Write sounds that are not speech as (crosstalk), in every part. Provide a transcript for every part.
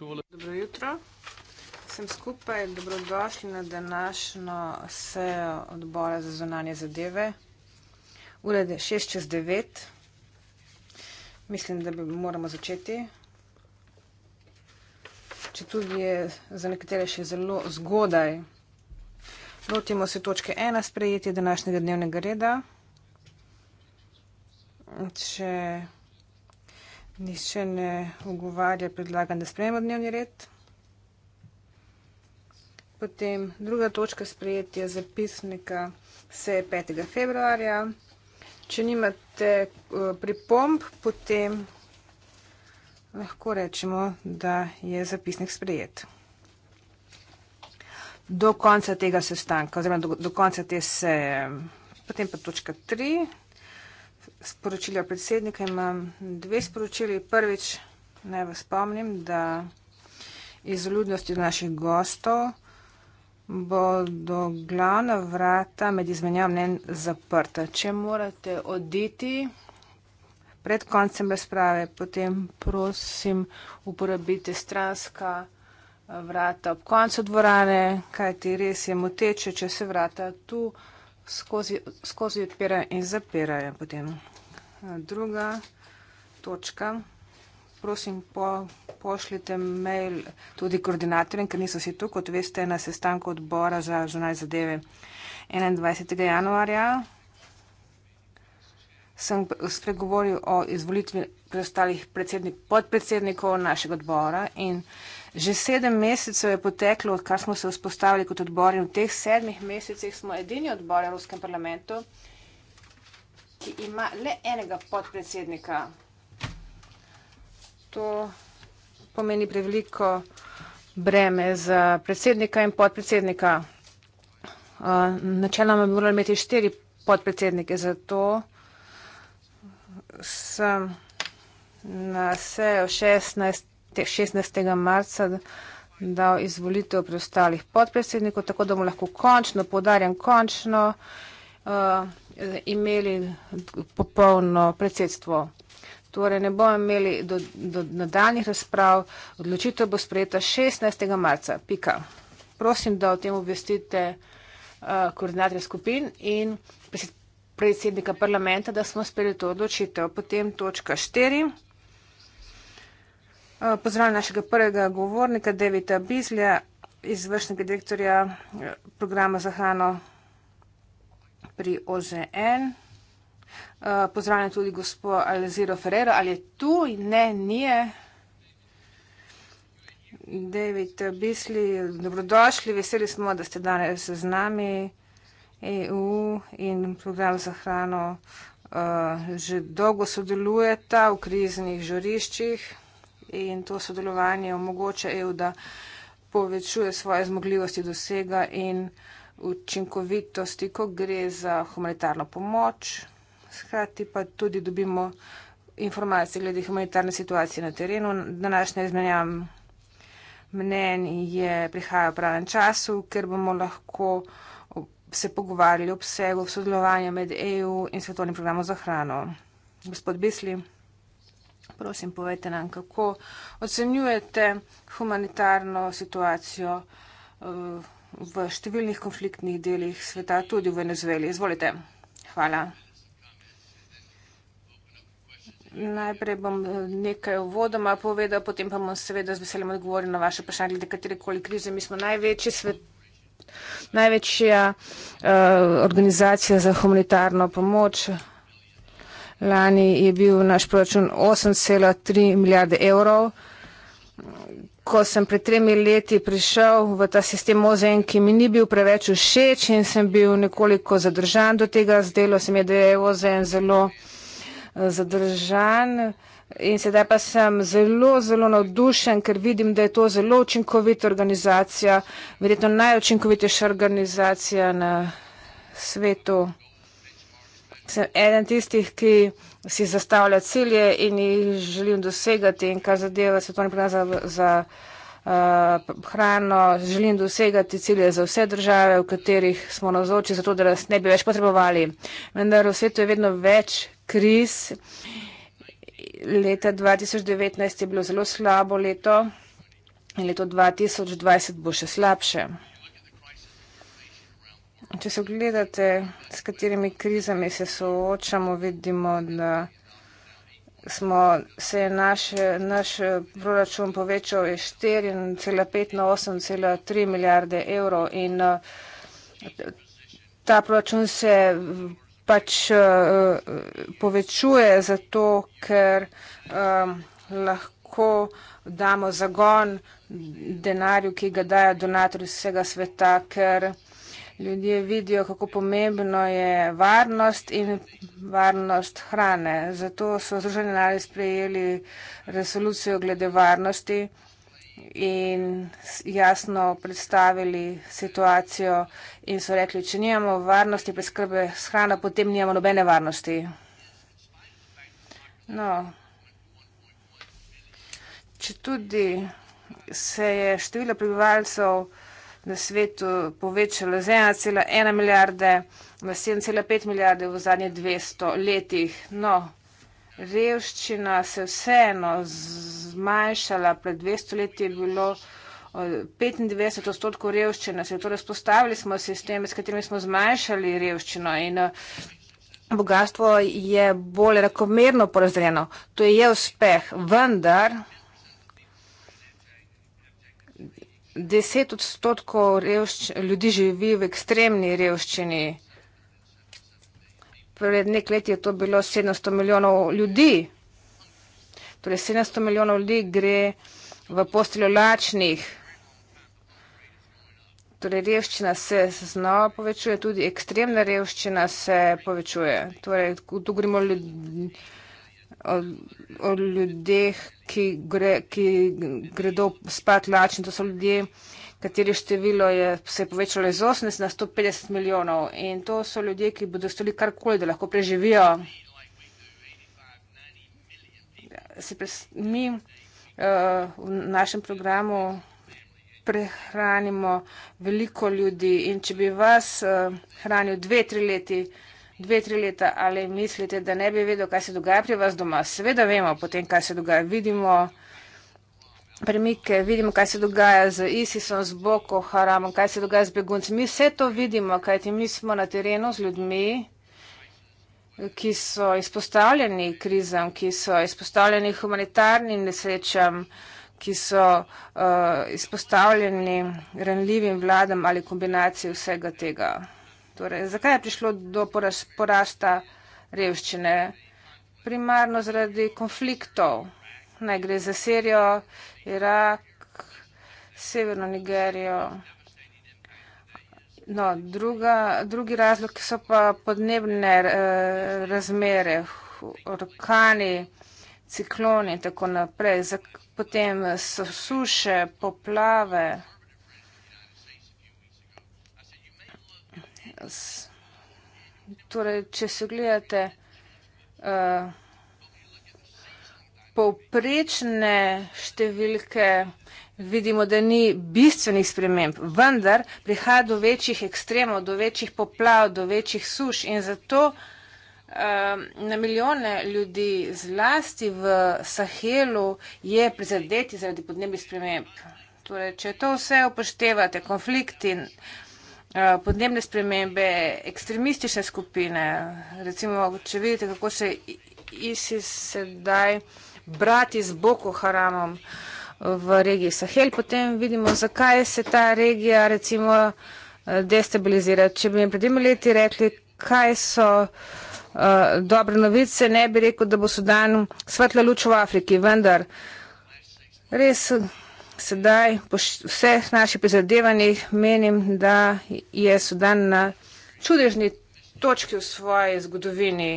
Dobro jutro. Sem skupaj dobrodošli na današnjo sejo odbora za zunanje zadeve. Ura je 6 čez 9. Mislim, da bi moramo začeti. Če tudi je za nekatere še zelo zgodaj, lotimo se točke 1 sprejetje današnjega dnevnega reda. Če Nihče ne ogovarja, predlagam, da sprejemo dnevni red. Potem druga točka sprejetja zapisnika se je 5. februarja. Če nimate eh, pripomb, potem lahko rečemo, da je zapisnik sprejet. Do konca tega sestanka, oziroma do, do konca te seje, potem pa točka 3 sporočila predsednika imam dve sporočili. Prvič, naj vas spomnim, da iz ljudnosti naših gostov bodo glavna vrata med izmenjavom mnen zaprta. Če morate oditi pred koncem razprave, potem prosim uporabite stranska eh, vrata ob koncu dvorane, kajti res je moteče, če se vrata tu skozi, skozi odpirajo in zapirajo potem. Druga točka, prosim, po, pošljite mail tudi koordinatorjem, ker niso vsi tu, kot veste, na sestanku odbora za zunaj zadeve 21. januarja. Sem spregovoril o izvolitvi preostalih podpredsednikov našega odbora in Že sedem mesecev je poteklo, odkar smo se vzpostavili kot odbor in v teh sedmih mesecih smo edini odbor v Ruskem parlamentu, ki ima le enega podpredsednika. To pomeni preveliko breme za predsednika in podpredsednika. Uh, načeloma bi morali imeti štiri podpredsednike, zato sem na sejo 16. 16. marca dal izvolitev preostalih podpredsednikov, tako da bomo lahko končno, podarjam končno, uh, imeli popolno predsedstvo. Torej ne bomo imeli do, do nadaljnih razprav, odločitev bo sprejeta 16. marca. Pika. Prosim, da o tem obvestite uh, koordinatorja skupin in predsednika parlamenta, da smo sprejeli to odločitev. Potem točka 4. Eh, pozdravljam našega prvega govornika, Devita Bizlja, izvršnega direktorja eh, programa za hrano pri OZN. Eh, pozdravljam tudi gospod Aleziro Ferrero. Ali je tu? Ne, nije. David Bisli, dobrodošli, veseli smo, da ste danes z nami. EU in program za hrano uh, že dolgo sodelujeta v kriznih žoriščih in to sodelovanje omogoča EU, da povečuje svoje zmogljivosti dosega in učinkovitosti, ko gre za humanitarno pomoč. Hkrati pa tudi dobimo informacije glede humanitarne situacije na terenu. Današnja izmenjava mnen je prihaja v pravem času, ker bomo lahko se pogovarjali o obsegu sodelovanja med EU in svetovnim programom za hrano. Gospod Bisli prosim, povejte nam, kako ocenjujete humanitarno situacijo eh, v številnih konfliktnih delih sveta, tudi v Venezueli. Izvolite. Hvala. Najprej bom eh, nekaj uvodoma povedal, potem pa bom seveda z veseljem odgovoril na vaše vprašanje, glede katerekoli krize. Mi smo največji svet. Največja uh, organizacija za humanitarno pomoč Lani je bil naš proračun 8,3 milijarde evrov. Ko sem pred tremi leti prišel v ta sistem OZN, ki mi ni bil preveč všeč in sem bil nekoliko zadržan do tega, zdelo se mi je, da je OZN zelo eh, zadržan. In sedaj pa sem zelo, zelo navdušen, ker vidim, da je to zelo učinkovita organizacija, verjetno najučinkovitejša organizacija na svetu sem eden tistih, ki si zastavlja cilje in jih želim dosegati in kar zadeva svetovni plan za, za uh, hrano, želim dosegati cilje za vse države, v katerih smo nazoči, zato da nas ne bi več potrebovali. Vendar v svetu je vedno več kriz. Leta 2019 je bilo zelo slabo leto in leto 2020 bo še slabše če se ogledate, s katerimi krizami se soočamo, vidimo, da smo, se je naš, naš proračun povečal iz 4,5 na 8,3 milijarde evrov in ta proračun se pač povečuje zato, ker um, lahko damo zagon denarju, ki ga daja donator iz vsega sveta, ker ljudje vidijo, kako pomembno je varnost in varnost hrane. Zato so Združeni narodi sprejeli resolucijo glede varnosti in jasno predstavili situacijo in so rekli, če nimamo varnosti preskrbe s hrano, potem nimamo nobene varnosti. No, če tudi se je število prebivalcev na svetu povečala z 1,1 milijarde na 7,5 milijarde v zadnje 200 letih. No, revščina se vseeno zmanjšala. Pred 200 leti je bilo 95 eh, odstotkov revščine. Se je torej spostavili smo sistem, s katerimi smo zmanjšali revščino in eh, bogatstvo je bolj rakomerno porazdeljeno. To je uspeh, vendar. deset odstotkov ljudi živi v ekstremni revščini. Pred nek let je to bilo 700 milijonov ljudi. Torej 700 milijonov ljudi gre v posteljo lačnih. Torej revščina se znova povečuje, tudi ekstremna revščina se povečuje. Torej tu govorimo ljudi, o, o ljudeh, ki, gre, ki gredo spat lačni. To so ljudje, kateri število je, se je povečalo iz 18 na 150 milijonov. In to so ljudje, ki bodo stoli karkoli, da lahko preživijo. Se pres, mi uh, v našem programu prehranimo veliko ljudi in če bi vas uh, hranil dve, tri leti, uh, dve, tri leta, ali mislite, da ne bi vedel, kaj se dogaja pri vas doma? Seveda vemo potem, kaj se dogaja. Vidimo premike, vidimo, kaj se dogaja z ISISom, z Boko Haramom, kaj se dogaja z begunci. Mi vse to vidimo, kajti mi smo na terenu z ljudmi, ki so izpostavljeni krizam, ki so izpostavljeni humanitarnim nesrečam ki so uh, izpostavljeni ranljivim vladam ali kombinaciji vsega tega. Torej, zakaj je prišlo do poraz, porasta revščine? Primarno zaradi konfliktov. Naj gre za Sirijo, Irak, Severno Nigerijo. No, druga, drugi razlog so pa podnebne eh, razmere, orkani, cikloni in tako naprej. Zak, potem so suše, poplave. torej, če se gledate uh, povprečne številke, vidimo, da ni bistvenih sprememb, vendar prihaja do večjih ekstremov, do večjih poplav, do večjih suš in zato eh, na milijone ljudi zlasti v Sahelu je prizadeti zaradi podnebnih sprememb. Torej, če to vse upoštevate, konflikti, Eh, podnebne spremembe, ekstremistične skupine. Recimo, če vidite, kako se ISIS sedaj brati z Boko Haramom v regiji Sahel, potem vidimo, zakaj se ta regija recimo eh, destabilizira. Če bi mi pred dvema leti rekli, kaj so uh, dobre novice, ne bi rekel, da bo Sudan svetla luč v Afriki, vendar res sedaj po vseh naših prizadevanjih menim, da je Sudan na čudežni točki v svoji zgodovini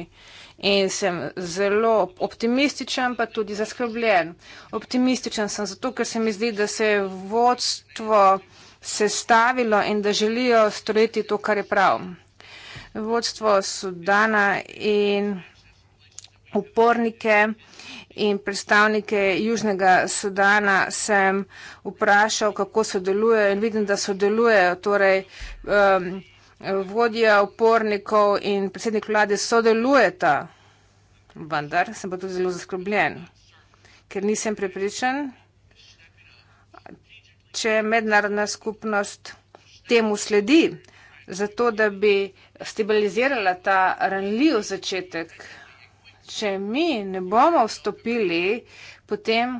in sem zelo optimističen, pa tudi zaskrbljen. Optimističen sem zato, ker se mi zdi, da se je vodstvo sestavilo in da želijo storiti to, kar je prav. Vodstvo Sudana in upornike in predstavnike Južnega Sudana sem vprašal, kako sodelujejo in vidim, da sodelujejo. Torej, um, vodja upornikov in predsednik vlade sodelujeta, vendar sem pa tudi zelo zaskrbljen, ker nisem prepričan, če mednarodna skupnost temu sledi, zato da bi stabilizirala ta ranljiv začetek če mi ne bomo vstopili, potem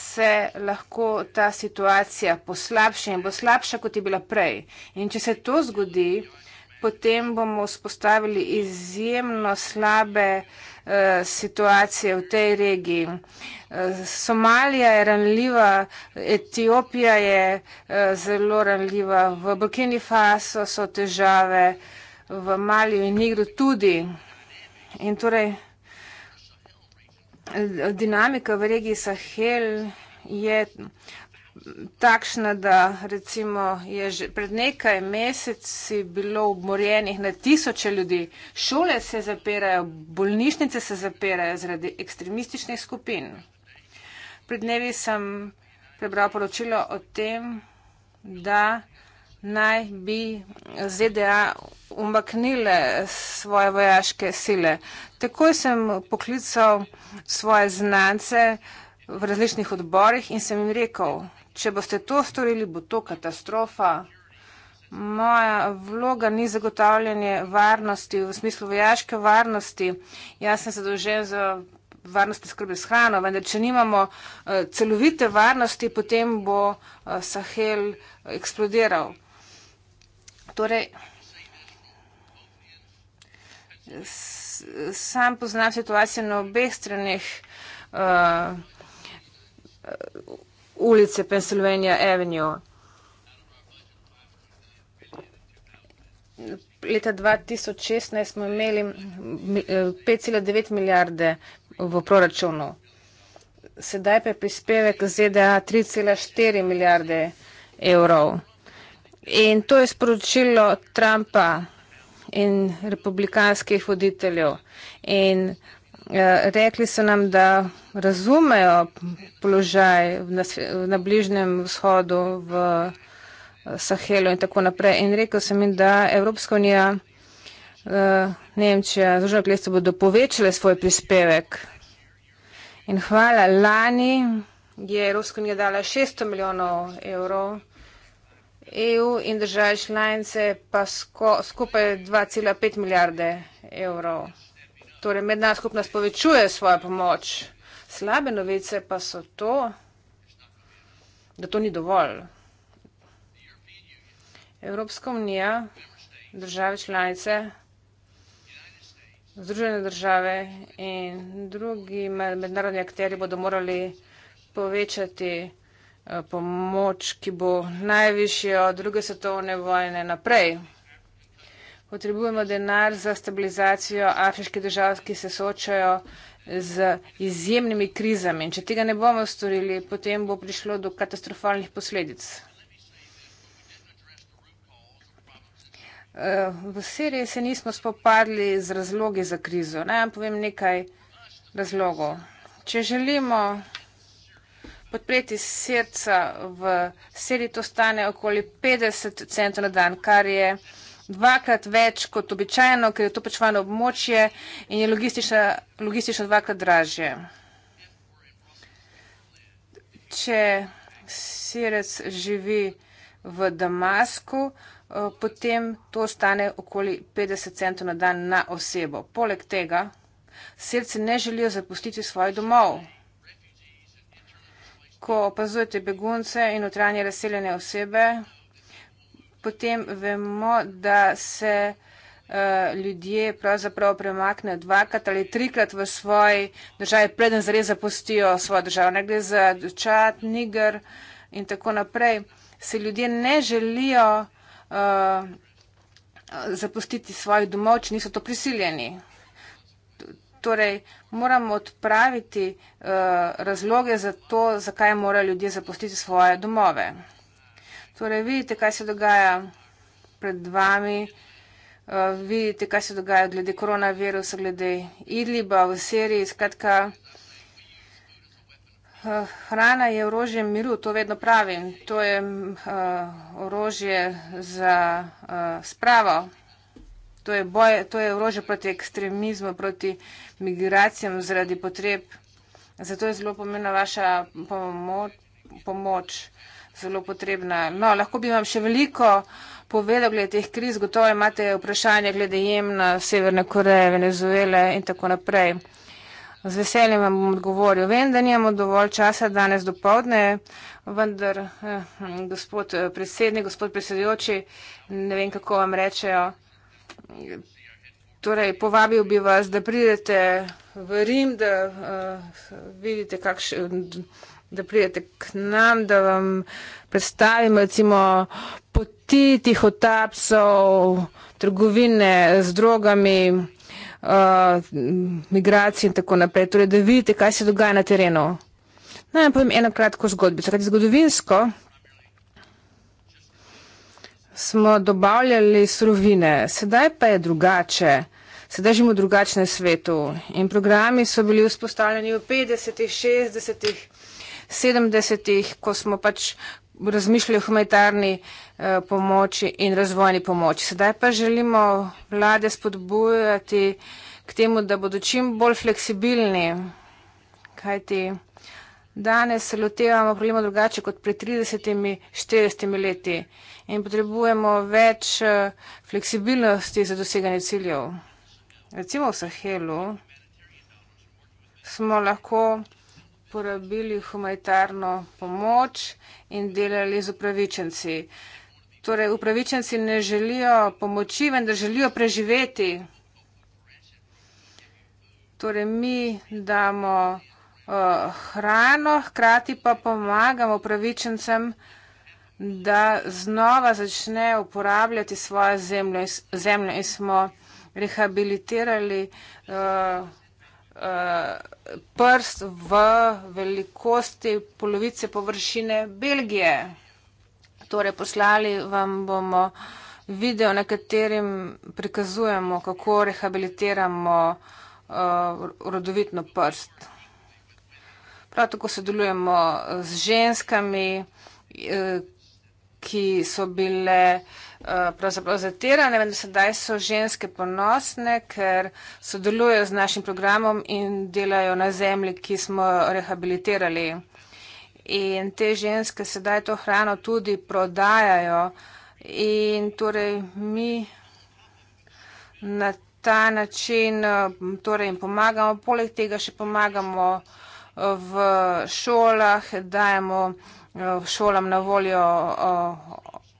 se lahko ta situacija poslabša in bo slabša, kot je bila prej. In če se to zgodi, potem bomo spostavili izjemno slabe eh, situacije v tej regiji. Eh, Somalija je ranljiva, Etiopija je eh, zelo ranljiva, v Burkini Faso so težave, v Maliju in Nigru tudi. In torej, dinamika v regiji Sahel je takšna, da recimo je že pred nekaj meseci bilo obmorjenih na tisoče ljudi. Šole se zapirajo, bolnišnice se zapirajo zaradi ekstremističnih skupin. Pred dnevi sem prebral poročilo o tem, da naj bi ZDA umaknile svoje vojaške sile. Takoj sem poklical svoje znance v različnih odborih in sem jim rekel, če boste to storili, bo to katastrofa. Moja vloga ni zagotavljanje varnosti v smislu vojaške varnosti. Jaz sem zadolžen za varnostne skrbe s hrano, vendar če nimamo eh, celovite varnosti, potem bo eh, Sahel eh, eksplodiral torej, sam poznam situacijo na obeh stranih uh, uh, ulice Pennsylvania Avenue. Leta 2016 smo imeli 5,9 eh, milijarde v proračunu. Sedaj pa je prispevek ZDA 3,4 milijarde evrov. In to je sporočilo Trumpa in republikanskih voditeljev. In eh, rekli so nam, da razumejo položaj na Bližnjem vzhodu, v eh, Sahelu in tako naprej. In rekel sem jim, da Evropska unija, eh, Nemčija, Združeno kraljestvo bodo povečale svoj prispevek. In hvala, lani je Evropska unija dala 600 milijonov evrov EU in države članice pa sko, skupaj 2,5 milijarde evrov. Torej, mednarodna skupnost povečuje svojo pomoč. Slabe novice pa so to, da to ni dovolj. Evropska unija, države članice, Združene države in drugi mednarodni akteri bodo morali povečati Eh, pomoč, ki bo najvišja od druge svetovne vojne naprej. Potrebujemo denar za stabilizacijo afriških držav, ki se soočajo z izjemnimi krizami. In če tega ne bomo storili, potem bo prišlo do katastrofalnih posledic. Eh, v Siriji se nismo spopadli z razlogi za krizo. Naj vam povem nekaj razlogov. Če želimo podpreti srca v seli, to stane okoli 50 centov na dan, kar je dvakrat več kot običajno, ker je to počvano območje in je logistično, logistično dvakrat dražje. Če sirec živi v Damasku, eh, potem to stane okoli 50 centov na dan na osebo. Poleg tega, srce ne želijo zapustiti svoje domov ko opazujete begunce in notranje razseljene osebe, potem vemo, da se eh, ljudje pravzaprav premaknejo dvakrat ali trikrat v svoji državi, preden zares zapustijo svojo državo. Ne gre za Čad, Niger in tako naprej. Se ljudje ne želijo uh, zapustiti svojih domov, če niso to prisiljeni. Torej, moramo odpraviti uh, razloge za to, zakaj morajo ljudje zapustiti svoje domove. Torej, vidite, kaj se dogaja pred vami, uh, vidite, kaj se dogaja glede koronavirusa, glede Idliba v Siriji. Skratka, uh, hrana je orožje miru, to vedno pravim. To je uh, orožje za uh, spravo. To je, boje, to je orože proti ekstremizmu, proti migracijam zaradi potreb. Zato je zelo pomembna vaša pomoč, pomoč zelo potrebna. No, lahko bi vam še veliko povedal glede teh kriz. Gotovo imate vprašanje glede jemna, Severne Koreje, Venezuele in tako naprej. Z veseljem vam bom odgovoril. Vem, da nimamo dovolj časa danes do povdne, vendar eh, gospod eh, predsednik, gospod predsedujoči, ne vem, kako vam rečejo. Torej, povabil bi vas, da pridete v Rim, da uh, vidite, kakš, da pridete k nam, da vam predstavim recimo poti tih otapsov, trgovine z drogami, uh, migracije in tako naprej. Torej, da vidite, kaj se dogaja na terenu. Naj no, ja povem eno kratko zgodbico. Kaj je zgodovinsko? smo dobavljali surovine, sedaj pa je drugače. Sedaj živimo v drugačnem svetu in programi so bili vzpostavljeni v 50-ih, 60-ih, 70-ih, ko smo pač razmišljali o humanitarni eh, pomoči in razvojni pomoči. Sedaj pa želimo vlade spodbujati k temu, da bodo čim bolj fleksibilni, kajti danes se lotevamo problemov drugače kot pred 30-40 leti. Eh, in potrebujemo več eh, fleksibilnosti za doseganje ciljev. Recimo v Sahelu smo lahko porabili humanitarno pomoč in delali z upravičenci. Torej, upravičenci ne želijo pomoči, vendar želijo preživeti. Torej, mi damo uh, hrano, hkrati pa pomagamo upravičencem uh, da znova začne uporabljati svojo zemljo, zemljo in smo rehabilitirali uh, uh, prst v velikosti polovice površine Belgije. Torej, poslali vam bomo video, na katerem prikazujemo, kako rehabilitiramo uh, rodovitno prst. Prav tako sodelujemo z ženskami, uh, ki so bile eh, pravzaprav zatirane, vendar sedaj so ženske ponosne, ker sodelujejo z našim programom in delajo na zemlji, ki smo rehabilitirali. In te ženske sedaj to hrano tudi prodajajo. In torej mi na ta način eh, torej jim pomagamo, poleg tega še pomagamo eh, v šolah, dajemo Eh, šolam na voljo eh,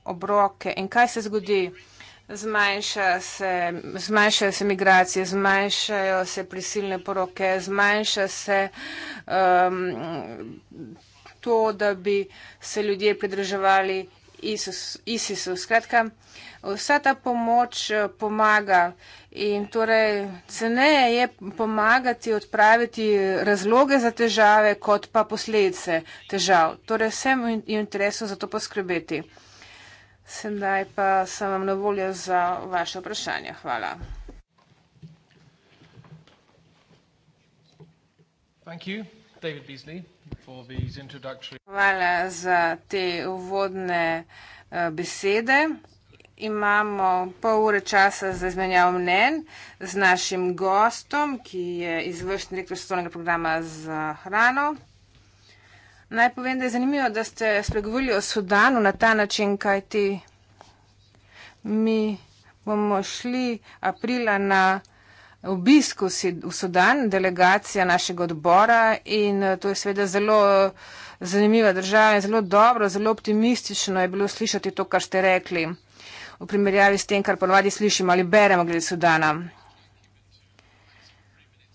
obroke. In kaj se zgodi? Zmanjša se, zmanjšajo se migracije, zmanjšajo se prisilne poroke, zmanjša se um, to, da bi se ljudje pridrževali Isusu. Isus. Skratka, vsa ta pomoč eh, pomaga. In torej, ceneje je pomagati odpraviti razloge za težave, kot pa posledice težav. Torej, vsem je v interesu za to poskrbeti. Sedaj pa sem vam na voljo za vaše vprašanje. Hvala. Hvala za te uvodne eh, besede imamo pol ure časa za izmenjavo mnen z našim gostom, ki je izvršni direktor svetovnega programa za hrano. Naj povem, da je zanimivo, da ste spregovorili o Sudanu na ta način, kaj ti mi bomo šli aprila na obisku v Sudan, delegacija našega odbora in to je seveda zelo zanimiva država in zelo dobro, zelo optimistično je bilo slišati to, kar ste rekli v primerjavi s tem, kar ponovadi slišimo ali beremo glede Sudana.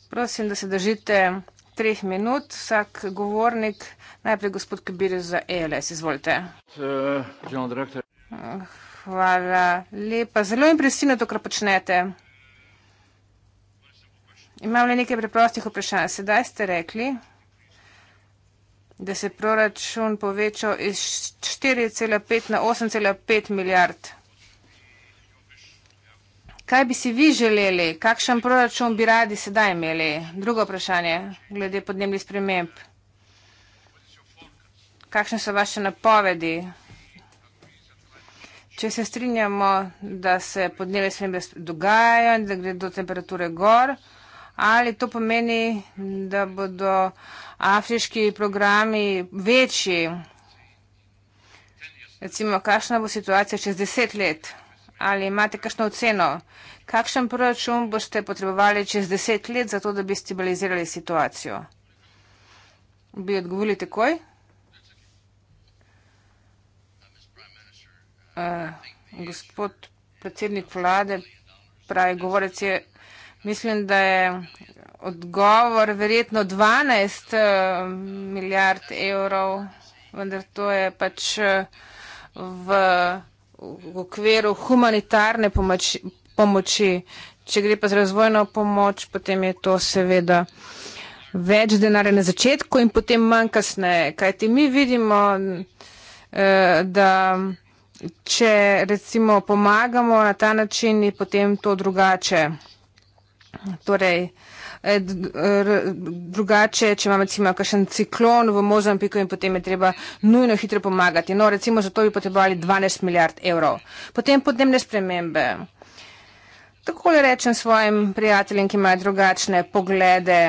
Prosim, da se držite treh minut, vsak govornik, najprej gospod Kibir za ELS, izvolite. Hvala lepa, zelo impresivno to, kar počnete. Imam le nekaj preprostih vprašanj. Sedaj ste rekli, da se proračun povečal iz 4,5 na 8,5 milijard. Kaj bi si vi želeli, kakšen proračun bi radi sedaj imeli? Drugo vprašanje, glede podnebnih sprememb. Kakšne so vaše napovedi? Če se strinjamo, da se podnebne spremembe dogajajo in da gre do temperature gor, ali to pomeni, da bodo afriški programi večji? Recimo, kakšna bo situacija čez deset let? Ali imate kakšno oceno? Kakšen proračun boste potrebovali čez deset let za to, da bi stabilizirali situacijo? Bi odgovorili takoj? Uh, gospod predsednik vlade pravi govorec je, mislim, da je odgovor verjetno 12 uh, eh, milijard evrov, vendar to je pač uh, v v okviru humanitarne pomoči, pomoči. Če gre pa za razvojno pomoč, potem je to seveda več denarja na začetku in potem manj kasneje. Kaj ti mi vidimo, eh, da če recimo pomagamo na ta način, potem to drugače. Torej, Eh, drugače, če imamo recimo kakšen ciklon v Mozambiku in potem je treba nujno hitro pomagati. No, recimo za to bi potrebovali 12 milijard evrov. Potem podnebne spremembe. Takole rečem svojim prijateljem, ki imajo drugačne poglede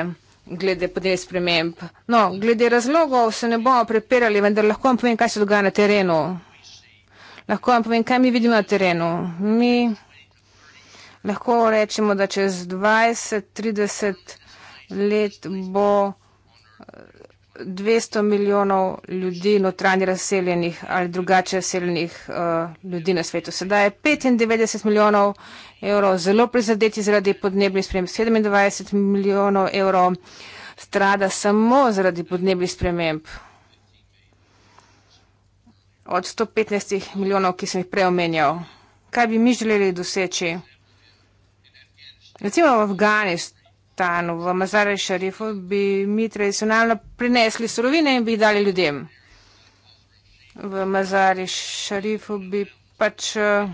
glede podnebnih sprememb. No, glede razlogov se ne bomo prepirali, vendar lahko vam povem, kaj se dogaja na terenu. Lahko vam povem, kaj mi vidimo na terenu. Mi lahko rečemo, da čez 20-30 let bo 200 eh, milijonov ljudi notranje razseljenih ali drugače razseljenih uh, ljudi na svetu. Sedaj je 95 milijonov evrov zelo prizadeti zaradi podnebnih sprememb, 27 milijonov evrov strada samo zaradi podnebnih sprememb. Od 115 milijonov, ki sem jih preomenjal, kaj bi mi želeli doseči? Recimo v Afganistanu, v Mazare Šarifu, bi mi tradicionalno prinesli surovine in bi jih dali ljudem. V Mazare Šarifu bi pač eh,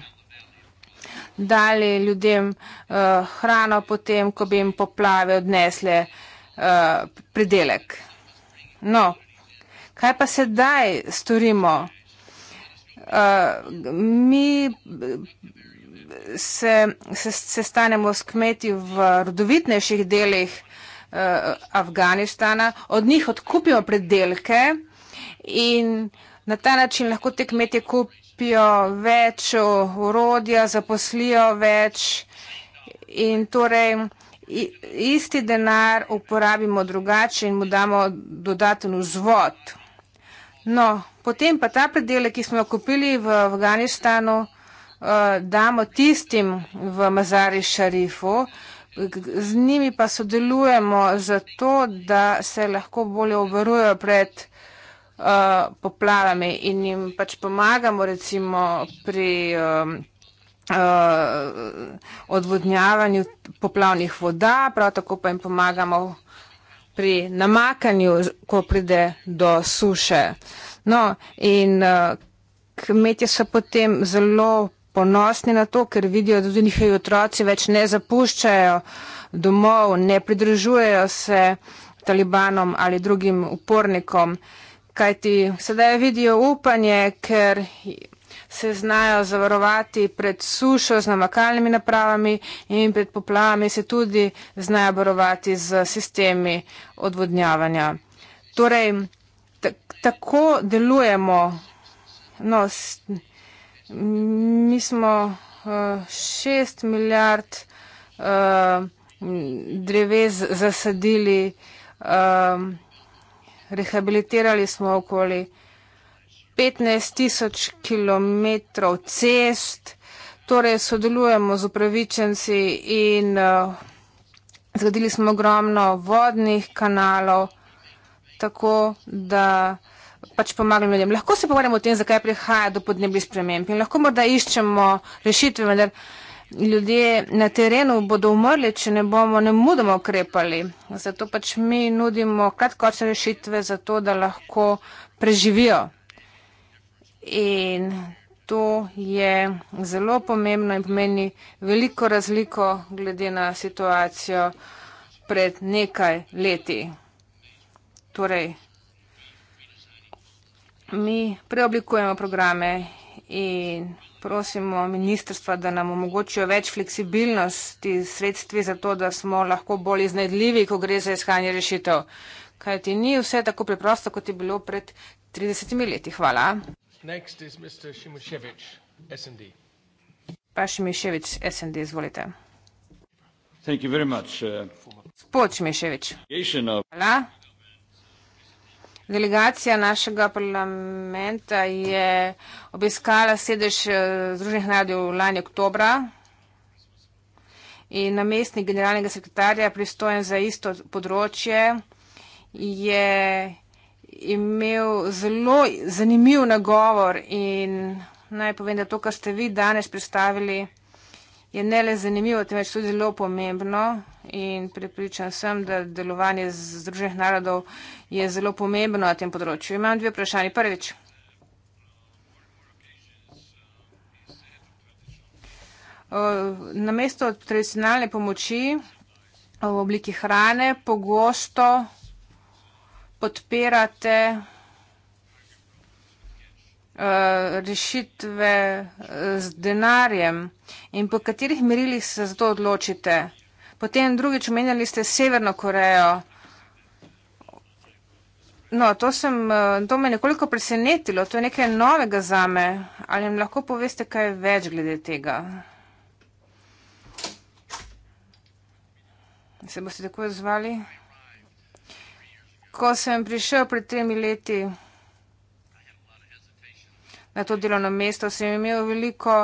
dali ljudem uh, hrano potem, ko bi jim poplave odnesle uh, pridelek. No, kaj pa sedaj storimo? Uh, mi se, se, se stanemo s kmeti v rodovitnejših delih eh, Afganistana, od njih odkupimo predelke in na ta način lahko te kmetje kupijo več urodja, zaposlijo več in torej isti denar uporabimo drugače in mu damo dodaten vzvod. No, potem pa ta predelek, ki smo jo kupili v Afganistanu, Eh, damo tistim v Mazari Šarifu, z njimi pa sodelujemo zato, da se lahko bolje obvarujejo pred eh, poplavami in jim pač pomagamo recimo pri eh, odvodnjavanju poplavnih voda, prav tako pa jim pomagamo pri namakanju, ko pride do suše. No, in kmetje so potem zelo ponosni na to, ker vidijo, da tudi njihovi otroci več ne zapuščajo domov, ne pridružujejo se talibanom ali drugim upornikom, kajti sedaj vidijo upanje, ker se znajo zavarovati pred sušo z namakalnimi napravami in pred poplavami se tudi znajo varovati z sistemi odvodnjavanja. Torej, tako delujemo. No, mi smo eh, šest milijard eh, drevez zasadili, eh, rehabilitirali smo okoli 15 tisoč kilometrov cest, torej sodelujemo z upravičenci in zgradili smo ogromno vodnih kanalov, tako da pač pomagam ljudem. Lahko se pogovarjamo o tem, zakaj prihaja do podnebnih sprememb in lahko morda iščemo rešitve, vendar ljudje na terenu bodo umrli, če ne bomo ne mudoma ukrepali. Zato pač mi nudimo kratkoročne rešitve za to, da lahko preživijo. In to je zelo pomembno in pomeni veliko razliko glede na situacijo pred nekaj leti. Torej, mi preoblikujemo programe in prosimo ministrstva, da nam omogočijo več fleksibilnosti s sredstvi za to, da smo lahko bolj iznajdljivi, ko gre za iskanje rešitev. Kaj ti ni vse tako preprosto, kot je bilo pred 30 leti. Hvala. Pa Šimiševič, SND, izvolite. Uh, Spod Šimiševič. Hvala. Delegacija našega parlamenta je obiskala sedež eh, Združenih narodov lani oktobra in namestnik generalnega sekretarja, pristojen za isto področje, je imel zelo zanimiv nagovor in naj povem, da to, kar ste vi danes predstavili, je ne le zanimivo, temveč tudi zelo pomembno in pripričan sem, da delovanje Združenih narodov je zelo pomembno na tem področju. Imam dve vprašanje. Prvič. Na mesto tradicionalne pomoči v obliki hrane pogosto podpirate e, rešitve e, z denarjem in po katerih merilih se za to odločite? Potem drugič omenjali ste Severno Korejo. No, to, sem, eh, to me je nekoliko presenetilo, to je nekaj novega za me. Ali mi lahko poveste kaj več glede tega? Se boste tako zvali? Ko sem prišel pred tremi leti na to delovno mesto, sem imel veliko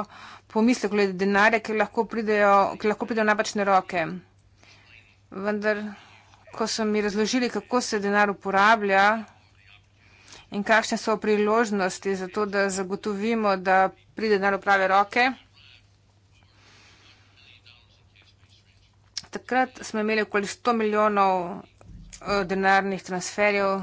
pomislek glede denarja, ker lahko pridejo, ker lahko pridejo napačne roke. Vendar, ko so mi razložili, kako se denar uporablja in kakšne so priložnosti za to, da zagotovimo, da pride denar v prave roke, takrat smo imeli okoli 100 milijonov eh, denarnih transferjev,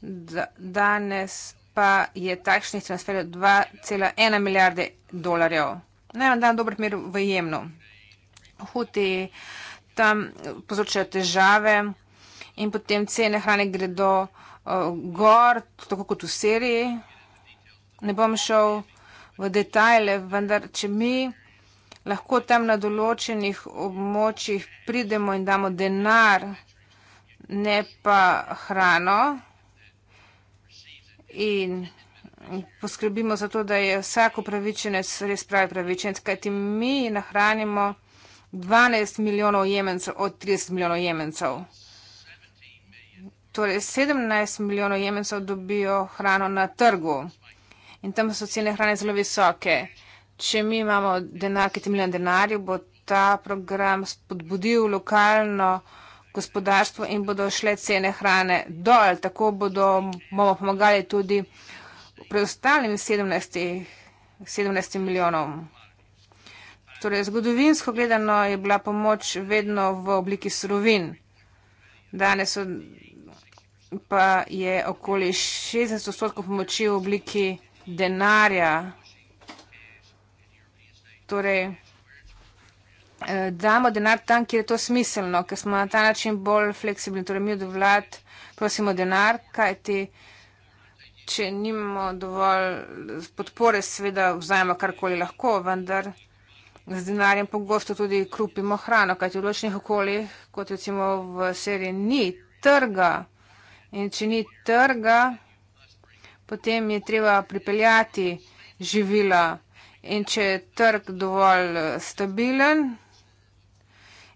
da, danes pa je takšnih transferjev 2,1 milijarde dolarjev. Naj vam dam dober primer v Jemnu. Huti tam povzročajo težave in potem cene hrane gredo gor, tako kot v Siriji. Ne bom šel v detajle, vendar če mi lahko tam na določenih območjih pridemo in damo denar, ne pa hrano, in poskrbimo za to, da je vsak upravičenec res pravi upravičenec, kajti mi nahranimo 12 milijonov jemencev od 30 milijonov jemencev. Torej 17 milijonov jemencev dobijo hrano na trgu in tam so cene hrane zelo visoke. Če mi imamo denar, ki temelja na denarju, bo ta program spodbudil lokalno gospodarstvu in bodo šle cene hrane dol. Tako bodo, bomo pomagali tudi preostalim 17, 17 milijonom. Torej, zgodovinsko gledano je bila pomoč vedno v obliki surovin. Danes pa je okoli 60 odstotkov pomoči v obliki denarja. Torej, Eh, damo denar tam, kjer je to smiselno, ker smo na ta način bolj fleksibilni. Torej, mi od vlad prosimo denar, kajti če nimamo dovolj podpore, seveda vzajemo karkoli lahko, vendar z denarjem pogosto tudi krupimo hrano, kajti v ločnih okoljih, kot recimo v seriji, ni trga. In če ni trga, potem je treba pripeljati živila. In če je trg dovolj stabilen,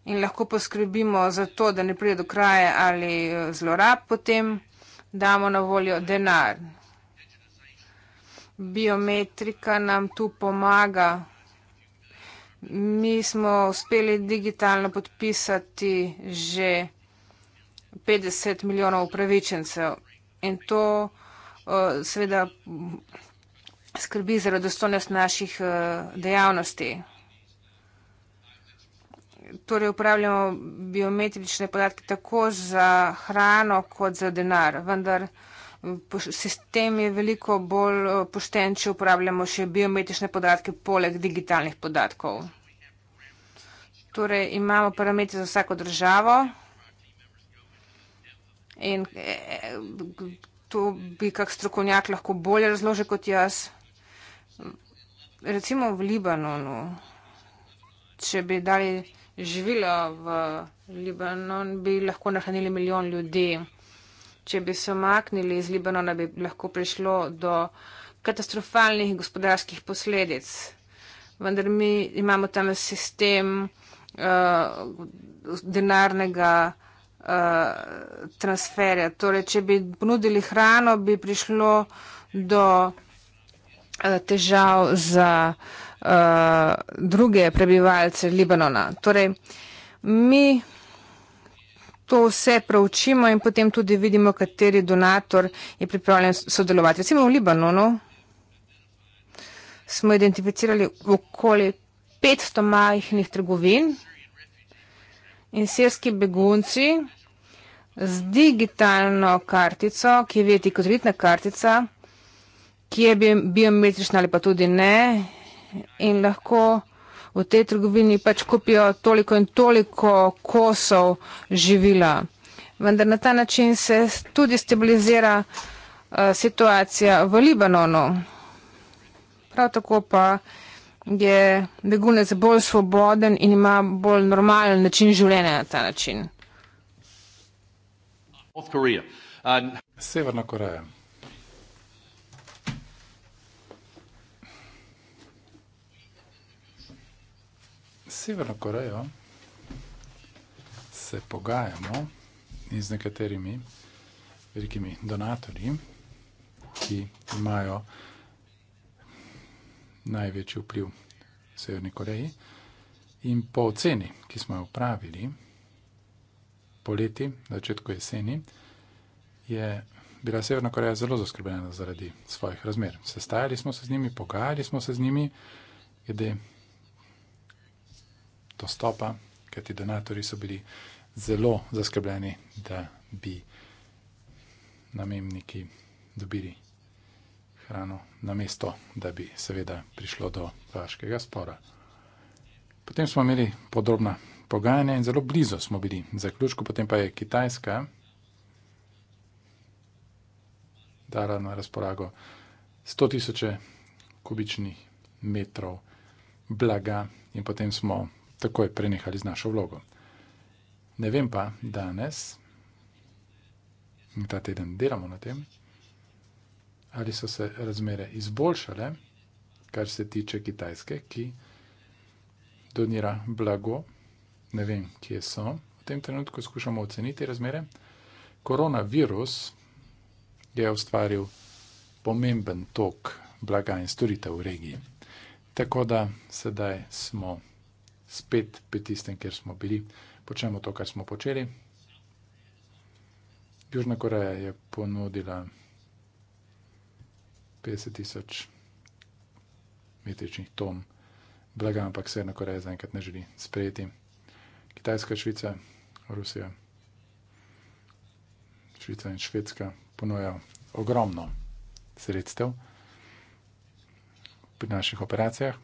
in lahko poskrbimo za to, da ne pride do kraje ali eh, zlorab, potem damo na voljo denar. Biometrika nam tu pomaga. Mi smo uspeli digitalno podpisati že 50 milijonov upravičencev in to eh, seveda skrbi za radostojnost naših eh, dejavnosti torej uporabljamo biometrične podatke tako za hrano kot za denar, vendar sistem je veliko bolj eh, pošten, če uporabljamo še biometrične podatke poleg digitalnih podatkov. Torej imamo parametre za vsako državo in eh, eh, to bi kak strokovnjak lahko bolje razložil kot jaz. Recimo v Libanonu, če bi dali živilo v Libanon, bi lahko nahranili milijon ljudi. Če bi se omaknili iz Libanona, bi lahko prišlo do katastrofalnih gospodarskih posledic. Vendar mi imamo tam sistem uh, denarnega uh, transferja. Torej, če bi ponudili hrano, bi prišlo do uh, težav za uh, uh, druge prebivalce Libanona. Torej, mi to vse preučimo in potem tudi vidimo, kateri donator je pripravljen sodelovati. Recimo v Libanonu smo identificirali okoli 500 majhnih trgovin in sirski begunci z digitalno kartico, ki je veti kot kreditna kartica, ki je biometrična ali pa tudi ne, in lahko v tej trgovini pač kupijo toliko in toliko kosov živila. Vendar na ta način se tudi stabilizira eh, situacija v Libanonu. Prav tako pa je begunec bolj svoboden in ima bolj normalen način življenja na ta način. Severna Koreja. Severno Korejo se pogajamo in z nekaterimi velikimi donatorji, ki imajo največji vpliv v Severni Koreji. In po oceni, ki smo jo upravili poleti, začetku jeseni, je bila Severna Koreja zelo zaskrbljena zaradi svojih razmer. Sestajali smo se z njimi, pogajali smo se z njimi, glede dostopa, ker ti donatori so bili zelo zaskrbljeni, da bi namenniki dobili hrano na mesto, da bi seveda prišlo do vaškega spora. Potem smo imeli podrobna pogajanja in zelo blizu smo bili zaključku, potem pa je Kitajska dala na razporago 100 tisoče kubičnih metrov blaga in potem smo takoj prenehali z našo vlogo. Ne vem pa, danes in ta teden delamo na tem, ali so se razmere izboljšale, kar se tiče Kitajske, ki donira blago, ne vem, kje so. V tem trenutku skušamo oceniti razmere. Koronavirus je ustvaril pomemben tok blaga in storitev v regiji. Tako da sedaj smo spet pri tistem, kjer smo bili. Počnemo to, kar smo počeli. Južna Koreja je ponudila 50 tisoč metričnih ton blaga, ampak Severna Koreja zaenkrat ne želi sprejeti. Kitajska, Švica, Rusija, Švica in Švedska ponujajo ogromno sredstev pri naših operacijah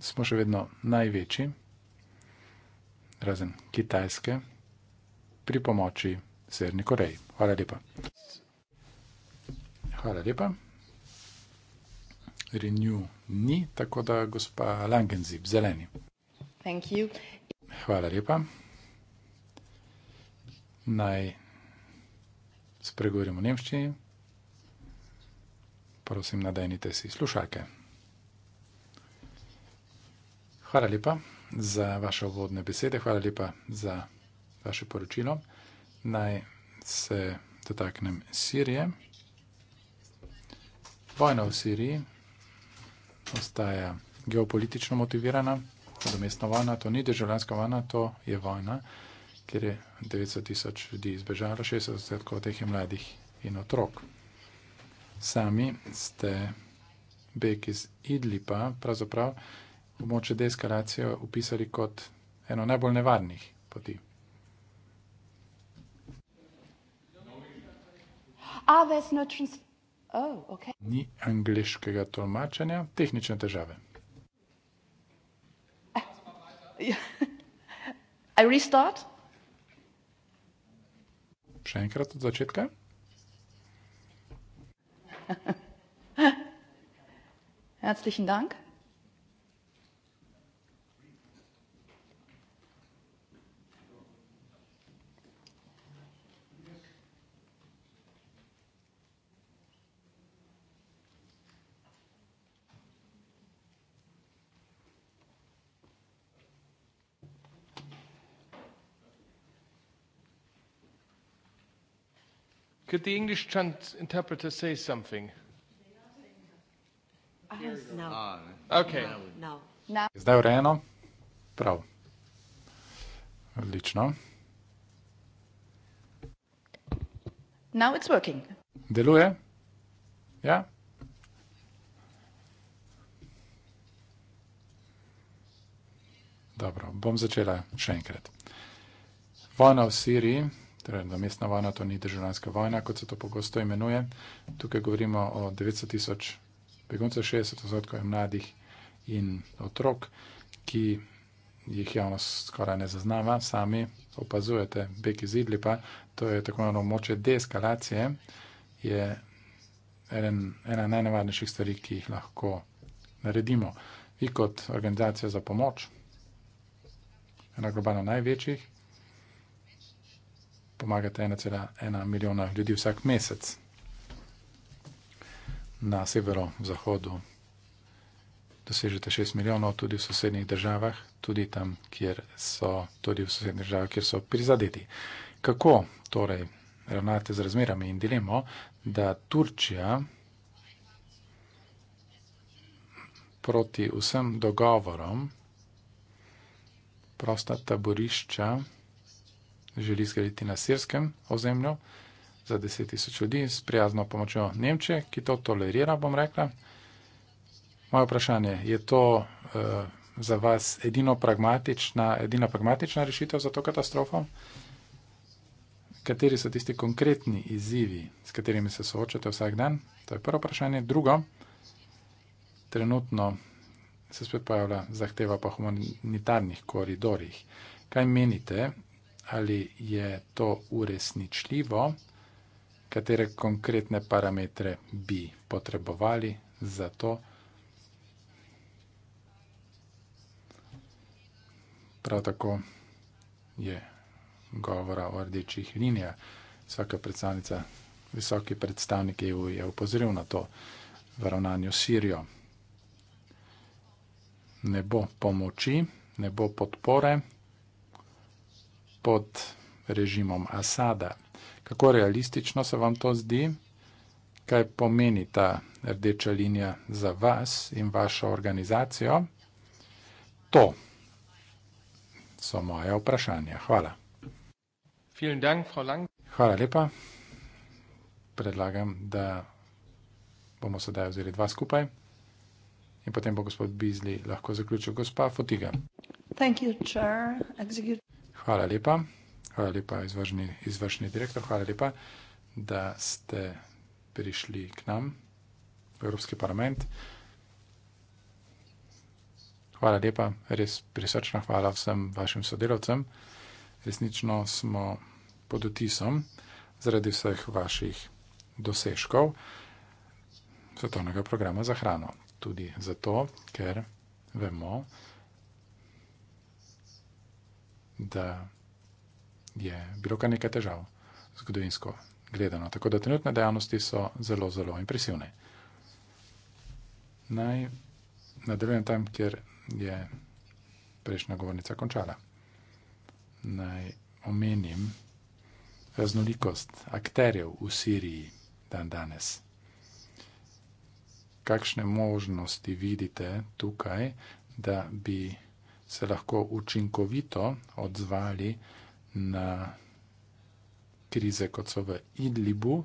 smo še vedno največji, razen Kitajske, pri pomoči Severni Koreji. Hvala lepa. Hvala lepa. Renew ni, tako da gospa Langenzip, zeleni. Hvala lepa. Naj spregovorim v nemščini. Prosim, nadajnite si slušalke. Hvala lepa za vaše uvodne besede, hvala lepa za vaše poročilo. Naj se dotaknem Sirije. Vojna v Siriji ostaja geopolitično motivirana, nadomestna vojna, to ni državljanska vojna, to je vojna, kjer je 900 tisoč ljudi izbežalo, 60 od teh je mladih in otrok. Sami ste beg iz Idlipa, pravzaprav, območje deeskalacije opisali kot eno najbolj nevarnih poti. Ah, no oh, Ni angliškega tolmačenja, tehnične težave. (laughs) Še enkrat od začetka. (laughs) Herzlichen Dank. Could the English trans interpreter say something? No. Okay. No. No. no. Zdaj urejeno? Prav. Odlično. Now it's working. Deluje? Ja? Dobro, bom začela še enkrat. Vojna v Siriji torej namestna vojna, to ni državljanska vojna, kot se to pogosto imenuje. Tukaj govorimo o 900 tisoč beguncev, 60 odstotkov je mladih in otrok, ki jih javnost skoraj ne zaznava, sami opazujete beg iz Idlipa, to je tako imenovano moče deeskalacije, je eden, ena najnevarnejših stvari, ki jih lahko naredimo. Vi kot organizacija za pomoč, ena globalno največjih, pomagate 1,1 milijona ljudi vsak mesec na severo-zahodu. Dosežete 6 milijonov tudi v sosednjih državah, tudi tam, kjer so, tudi v sosednjih državah, kjer so prizadeti. Kako torej ravnate z razmerami in dilemo, da Turčija proti vsem dogovorom prosta taborišča želi zgraditi na sirskem ozemlju za 10 tisoč ljudi s prijazno pomočjo Nemčije, ki to tolerira, bom rekla. Moje vprašanje, je to uh, za vas edino pragmatična, edina pragmatična rešitev za to katastrofo? Kateri so tisti konkretni izzivi, s katerimi se soočate vsak dan? To je prvo vprašanje. Drugo, trenutno se spet pojavlja zahteva po humanitarnih koridorjih. Kaj menite, ali je to uresničljivo, katere konkretne parametre bi potrebovali za to. Prav tako je govora o rdečih linijah. Vsaka predstavnica, visoki predstavnik EU je upozoril na to v ravnanju Sirijo. Ne bo pomoči, ne bo podpore pod režimom Asada. Kako realistično se vam to zdi? Kaj pomeni ta rdeča linija za vas in vašo organizacijo? To so moje vprašanja. Hvala. Hvala lepa. Predlagam, da bomo sedaj vzeli dva skupaj in potem bo gospod Bizli lahko zaključil. Gospa Fotiga. Thank you, chair. Execute. Hvala lepa. Hvala lepa, izvršni, izvršni direktor. Hvala lepa, da ste prišli k nam v Evropski parlament. Hvala lepa, res prisrčna hvala vsem vašim sodelovcem. Resnično smo pod otisom zaradi vseh vaših dosežkov svetovnega programa za hrano. Tudi zato, ker vemo, da je bilo kar nekaj težav, zgodovinsko gledano. Tako da trenutne dejavnosti so zelo, zelo impresivne. Naj nadaljujem tam, kjer je prejšnja govornica končala. Naj omenim raznolikost akterjev v Siriji dan danes. Kakšne možnosti vidite tukaj, da bi se lahko učinkovito odzvali na krize, kot so v Idlibu,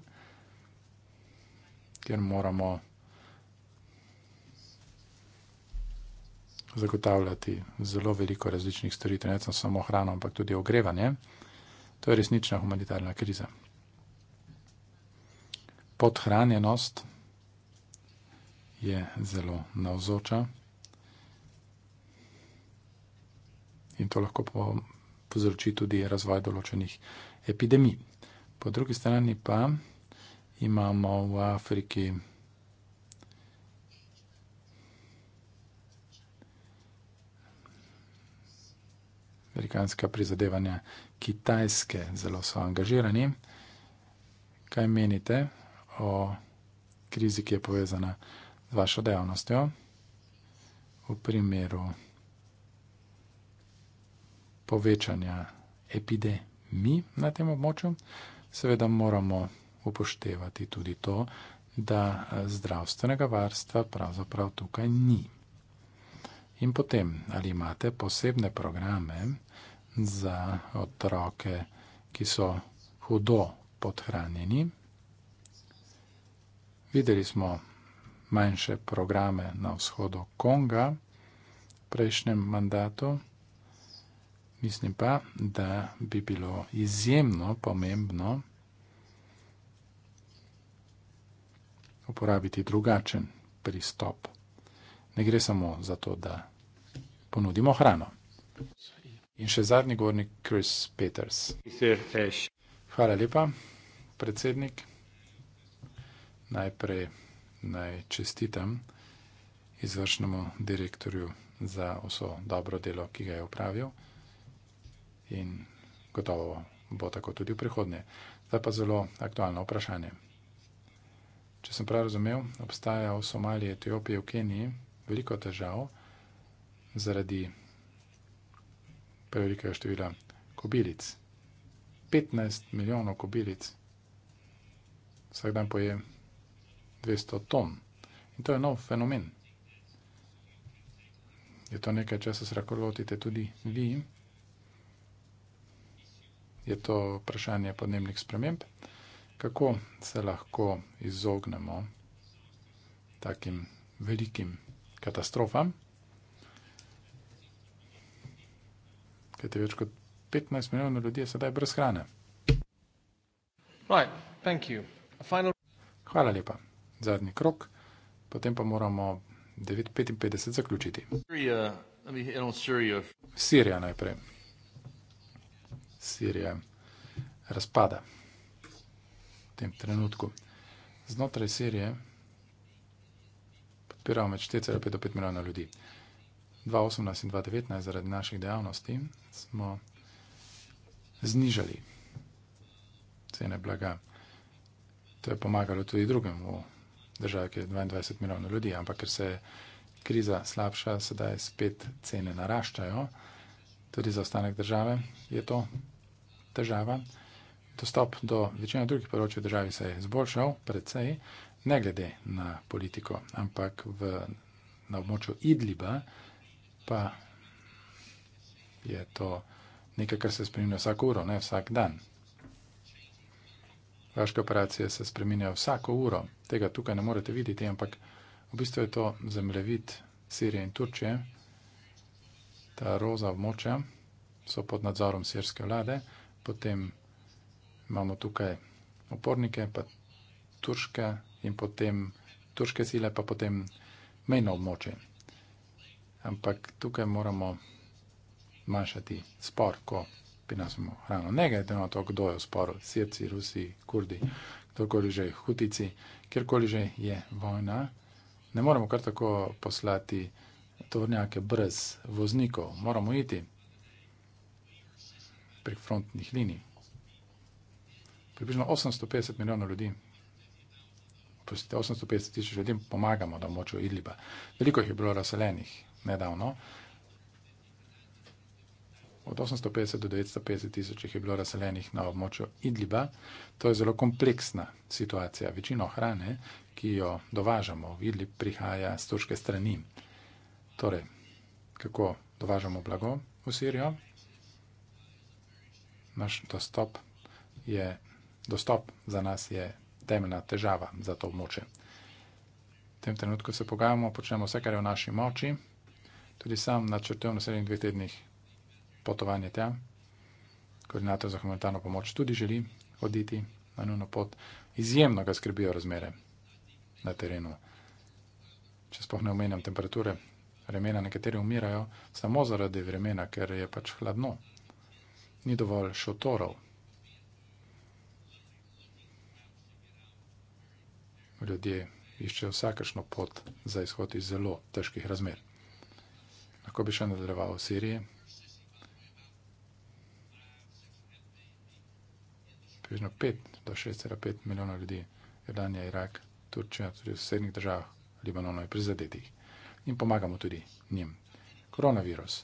ker moramo zagotavljati zelo veliko različnih storitev, ne samo hrano, ampak tudi ogrevanje. To je resnična humanitarna kriza. Podhranjenost je zelo navzoča. in to lahko povzroči tudi razvoj določenih epidemij. Po drugi strani pa imamo v Afriki amerikanska prizadevanja Kitajske, zelo so angažirani. Kaj menite o krizi, ki je povezana z vašo dejavnostjo? V primeru povečanja epidemij na tem območju, seveda moramo upoštevati tudi to, da eh, zdravstvenega varstva pravzaprav tukaj ni. In potem, ali imate posebne programe za otroke, ki so hudo podhranjeni? Videli smo manjše programe na vzhodu Konga v prejšnjem mandatu. Mislim pa, da bi bilo izjemno pomembno uporabiti drugačen pristop. Ne gre samo za to, da ponudimo hrano. In še zadnji govornik, Chris Peters. Hvala lepa, predsednik. Najprej naj čestitam izvršnemu direktorju za vso dobro delo, ki ga je upravil in gotovo bo tako tudi v prihodnje. Zdaj pa zelo aktualno vprašanje. Če sem prav razumel, obstaja v Somaliji, Etiopiji, v Keniji veliko težav zaradi prevelikega števila kobilic. 15 milijonov kobilic vsak dan poje 200 ton. In to je nov fenomen. Je to nekaj, če se srakolotite tudi vi? je to vprašanje podnebnih sprememb, kako se lahko izognemo takim velikim katastrofam, kaj te več kot 15 milijonov ljudi je sedaj brez hrane. Hvala lepa. Zadnji krok, potem pa moramo 9.55 zaključiti. Sirija najprej. Sirija razpada v tem trenutku. Znotraj Sirije podpiramo med 4,5 do 5 milijona ljudi. 2018 in 2019 zaradi naših dejavnosti smo znižali cene blaga. To je pomagalo tudi drugim v državi, ki je 22 milijonov ljudi, ampak ker se kriza slabša, sedaj spet cene naraščajo, tudi za ostanek države je to država. Dostop do večine drugih področji v državi se je zboljšal, predvsej ne glede na politiko, ampak v, na območju Idliba pa je to nekaj, kar se spremlja vsako uro, ne vsak dan. Vaške operacije se spremenjajo vsako uro, tega tukaj ne morete videti, ampak v bistvu je to zemljevid Sirije in Turčije, ta roza območja so pod nadzorom sirske vlade potem imamo tukaj opornike, pa turške in potem turške sile, pa potem mejno območje. Ampak tukaj moramo manjšati spor, ko prinašamo hrano. Ne glede na to, kdo je v sporu, Sirci, Rusi, Kurdi, kdorkoli že, Hutici, kjerkoli že je vojna, ne moremo kar tako poslati tovornjake brez voznikov. Moramo iti, prek frontnih linij. Približno 850 milijonov ljudi, oprostite, 850 tisoč ljudi pomagamo na območju Idliba. Veliko jih je bilo razseljenih nedavno. Od 850 do 950 tisoč jih je bilo razseljenih na območju Idliba. To je zelo kompleksna situacija. Večino hrane, ki jo dovažamo v Idlib, prihaja z turške strani. Torej, kako dovažamo blago v Sirijo, naš dostop je, dostop za nas je temeljna težava za to območje. V tem trenutku se pogajamo, počnemo vse, kar je v naši moči. Tudi sam načrtujem naslednjih dveh tednih potovanje tja. Koordinator za humanitarno pomoč tudi želi oditi na nujno pot. Izjemno ga skrbijo razmere na terenu. Če spoh ne omenjam temperature, vremena nekateri umirajo samo zaradi vremena, ker je pač hladno ni dovolj šotorov. Ljudje iščejo vsakešno pot za izhod iz zelo težkih razmer. Lahko bi še nadaljeval v Siriji. Približno 5 do 6,5 milijona ljudi, Jordanija, Irak, Turčija, tudi v sosednjih državah, Libanonu je prizadetih. In pomagamo tudi njim. Koronavirus.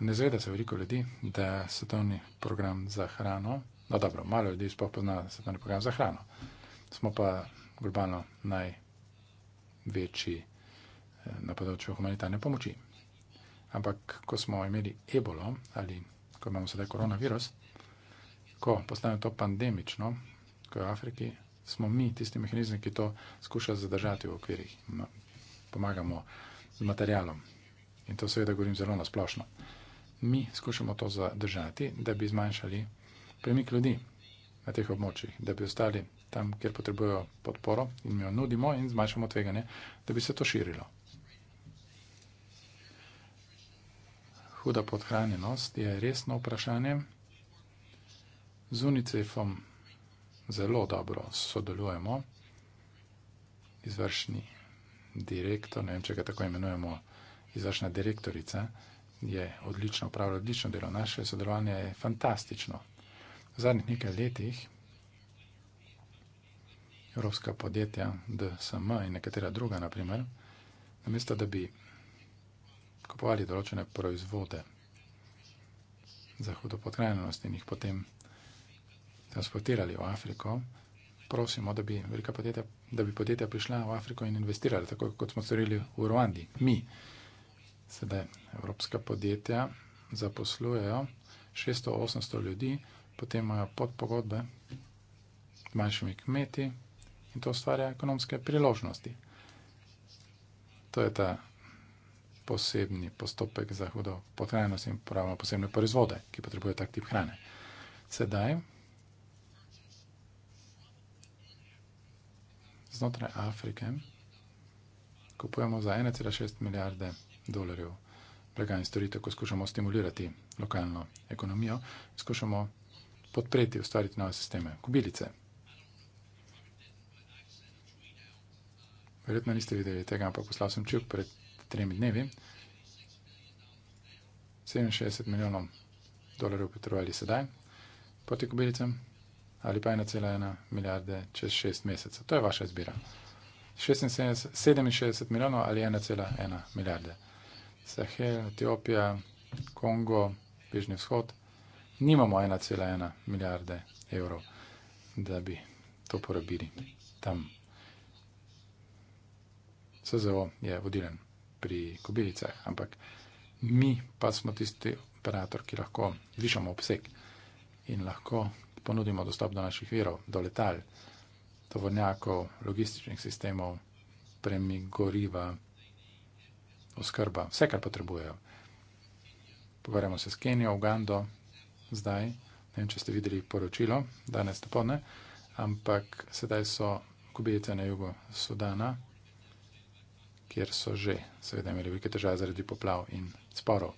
Ne zaveda se veliko ljudi, da je svetovni program za hrano. No, dobro, malo ljudi sploh pozna svetovni program za hrano. Smo pa globalno največji eh, na področju humanitarne pomoči. Ampak, ko smo imeli ebolo ali ko imamo sedaj koronavirus, ko postane to pandemično, ko je v Afriki, smo mi tisti mehanizmi, ki to skuša zadržati v okvirih. No, pomagamo z materialom. In to seveda govorim zelo nasplošno mi skušamo to zadržati, da bi zmanjšali premik ljudi na teh območjih, da bi ostali tam, kjer potrebujejo podporo in jo nudimo in zmanjšamo tveganje, da bi se to širilo. Huda podhranjenost je resno vprašanje. Z UNICEF-om zelo dobro sodelujemo. Izvršni direktor, ne vem, če ga tako imenujemo, izvršna direktorica, je odlično upravljal, odlično delo. Naše sodelovanje je fantastično. V zadnjih nekaj letih evropska podjetja, DSM in nekatera druga, naprimer, namesto da bi kupovali določene proizvode za hudo podhranjenost in jih potem transportirali v Afriko, prosimo, da bi velika podjetja, da bi podjetja prišla v Afriko in investirala, tako kot smo storili v Ruandi. Mi, sedaj evropska podjetja zaposlujejo 600-800 ljudi, potem imajo podpogodbe z manjšimi kmeti in to ustvarja ekonomske priložnosti. To je ta posebni postopek za hudo potrajnost in uporabljamo posebne proizvode, ki potrebuje tak tip hrane. Sedaj znotraj Afrike kupujemo za 1,6 milijarde evrov dolarjev blaga in storitev, ko skušamo stimulirati lokalno ekonomijo, skušamo podpreti, ustvariti nove sisteme, kubilice. Verjetno niste videli tega, ampak poslal sem čuk pred tremi dnevi. 67 milijonov dolarjev potrebovali sedaj po te kubilice ali pa 1,1 milijarde čez 6 mesecev. To je vaša izbira. 67, 67 milijonov ali 1,1 milijarde. Sahel, Etiopija, Kongo, Bližnji vzhod. Nimamo 1,1 milijarde evrov, da bi to porabili tam. SZO je vodilen pri kobilicah, ampak mi pa smo tisti operator, ki lahko višamo obseg in lahko ponudimo dostop do naših virov, do letal, tovornjakov, logističnih sistemov, premi goriva, oskrba, vse, kar potrebujejo. Pogovarjamo se s Kenijo, Ugando, zdaj. Ne vem, če ste videli poročilo, danes to podne, ampak sedaj so kubijete na jugu Sudana, kjer so že, seveda, imeli velike težave zaradi poplav in sporov.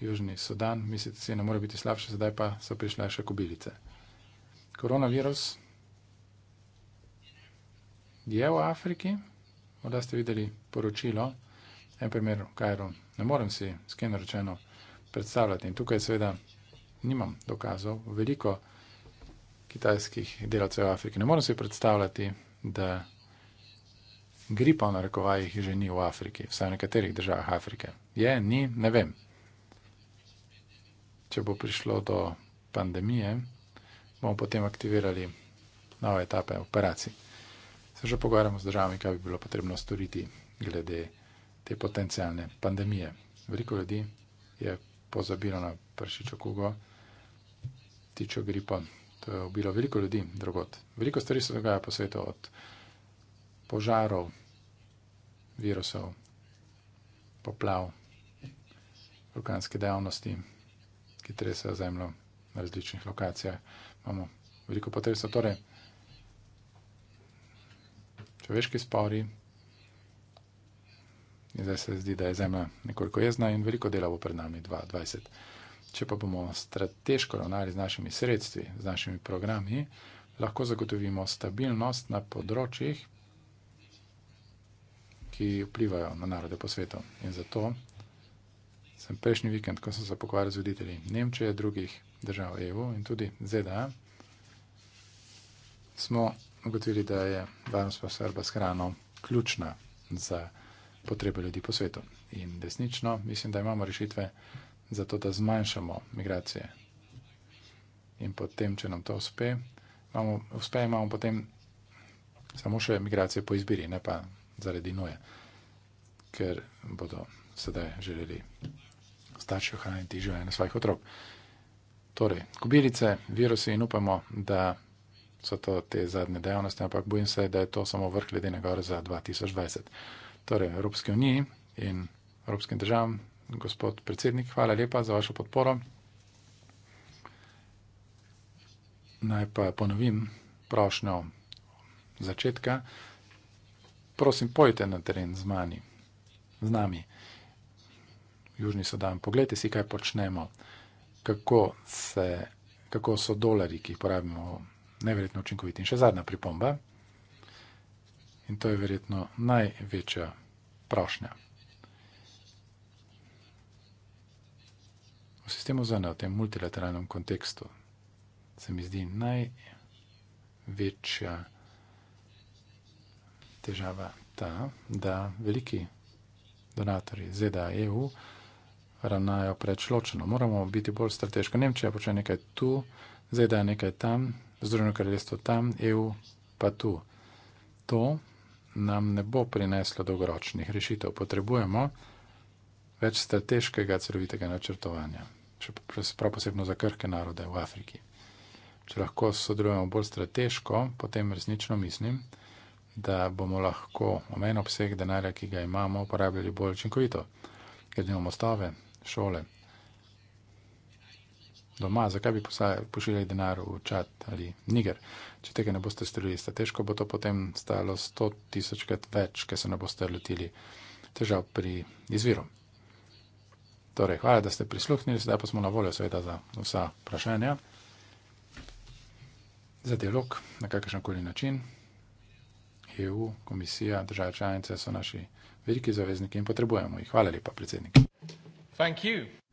Južni Sudan, mislite si, ne more biti slabše, zdaj pa so prišle še kubilice. Koronavirus je v Afriki, morda ste videli poročilo en primer v Kajru, ne morem si skener rečeno predstavljati. In tukaj seveda nimam dokazov, veliko kitajskih delavcev v Afriki. Ne morem si predstavljati, da gripa v narekovajih že ni v Afriki, vsaj v nekaterih državah Afrike. Je, ni, ne vem. Če bo prišlo do pandemije, bomo potem aktivirali nove etape operacij. Se že pogovarjamo z državami, kaj bi bilo potrebno storiti glede tega te potencijalne pandemije. Veliko ljudi je pozabilo na pršičo kugo, tičo gripo. To je bilo veliko ljudi drugot. Veliko stvari se dogaja po svetu, od požarov, virusov, poplav, vulkanske dejavnosti, ki tresajo zemljo na različnih lokacijah. Imamo veliko potresov, torej človeški spori, In zdaj se zdi, da je zemlja nekoliko jezna in veliko dela bo pred nami 2020. Če pa bomo strateško ravnali z našimi sredstvi, z našimi programi, lahko zagotovimo stabilnost na področjih, ki vplivajo na narode po svetu. In zato sem prejšnji vikend, ko sem se pokvarjal z voditelji Nemčije, drugih držav EU in tudi ZDA, smo ugotovili, da je varnost pa srba s hrano ključna za potrebe ljudi po svetu. In desnično mislim, da imamo rešitve za to, da zmanjšamo migracije. In potem, če nam to uspe, imamo, uspe, imamo potem samo še migracije po izbiri, ne pa zaradi nuje, ker bodo sedaj želeli starši ohraniti življenje svojih otrok. Torej, kubilice, virusi in upamo, da so to te zadnje dejavnosti, ampak bojim se, da je to samo vrh ledene gore za 2020 torej Evropske unije in Evropskim državam. Gospod predsednik, hvala lepa za vašo podporo. Naj pa ponovim prošnjo začetka. Prosim, pojte na teren z, mani, z nami. Južni Sudan, poglejte si, kaj počnemo, kako, se, kako so dolari, ki jih porabimo, neverjetno učinkoviti. In še zadnja pripomba, in to je verjetno največja prošnja. V sistemu ZN, v tem multilateralnem kontekstu, se mi zdi največja težava ta, da veliki donatori ZDA EU ravnajo prečločeno. Moramo biti bolj strateško. Nemčija počne nekaj tu, ZDA nekaj tam, Združeno kraljestvo tam, EU pa tu. To nam ne bo prineslo dolgoročnih rešitev. Potrebujemo več strateškega, celovitega načrtovanja, še prav posebno za krhke narode v Afriki. Če lahko sodelujemo bolj strateško, potem resnično mislim, da bomo lahko omen obseg denarja, ki ga imamo, uporabljali bolj učinkovito, ker imamo mostove, šole doma, zakaj bi pošiljali denar v Čad ali Niger. Če tega ne boste storili, sta težko, bo to potem stalo 100 tisočkrat več, ker se ne boste lotili težav pri izviru. Torej, hvala, da ste prisluhnili, zdaj pa smo na voljo seveda za vsa vprašanja, za dialog na kakršen koli način. EU, komisija, države članice so naši veliki zavezniki in potrebujemo jih. Hvala lepa, predsednik.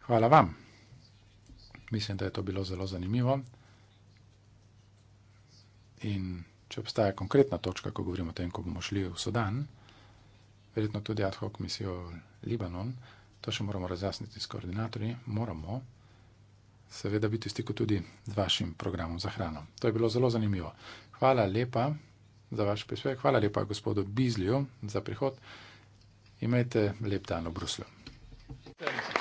Hvala vam. Mislim, da je to bilo zelo zanimivo. In če obstaja konkretna točka, ko govorimo o tem, ko bomo šli v Sudan, verjetno tudi ad hoc misijo Libanon, to še moramo razjasniti s koordinatorji, moramo seveda biti v stiku tudi z vašim programom za hrano. To je bilo zelo zanimivo. Hvala lepa za vaš prispevek, hvala lepa gospodu Bizliju za prihod. Imajte lep dan v Bruslju. Thank you.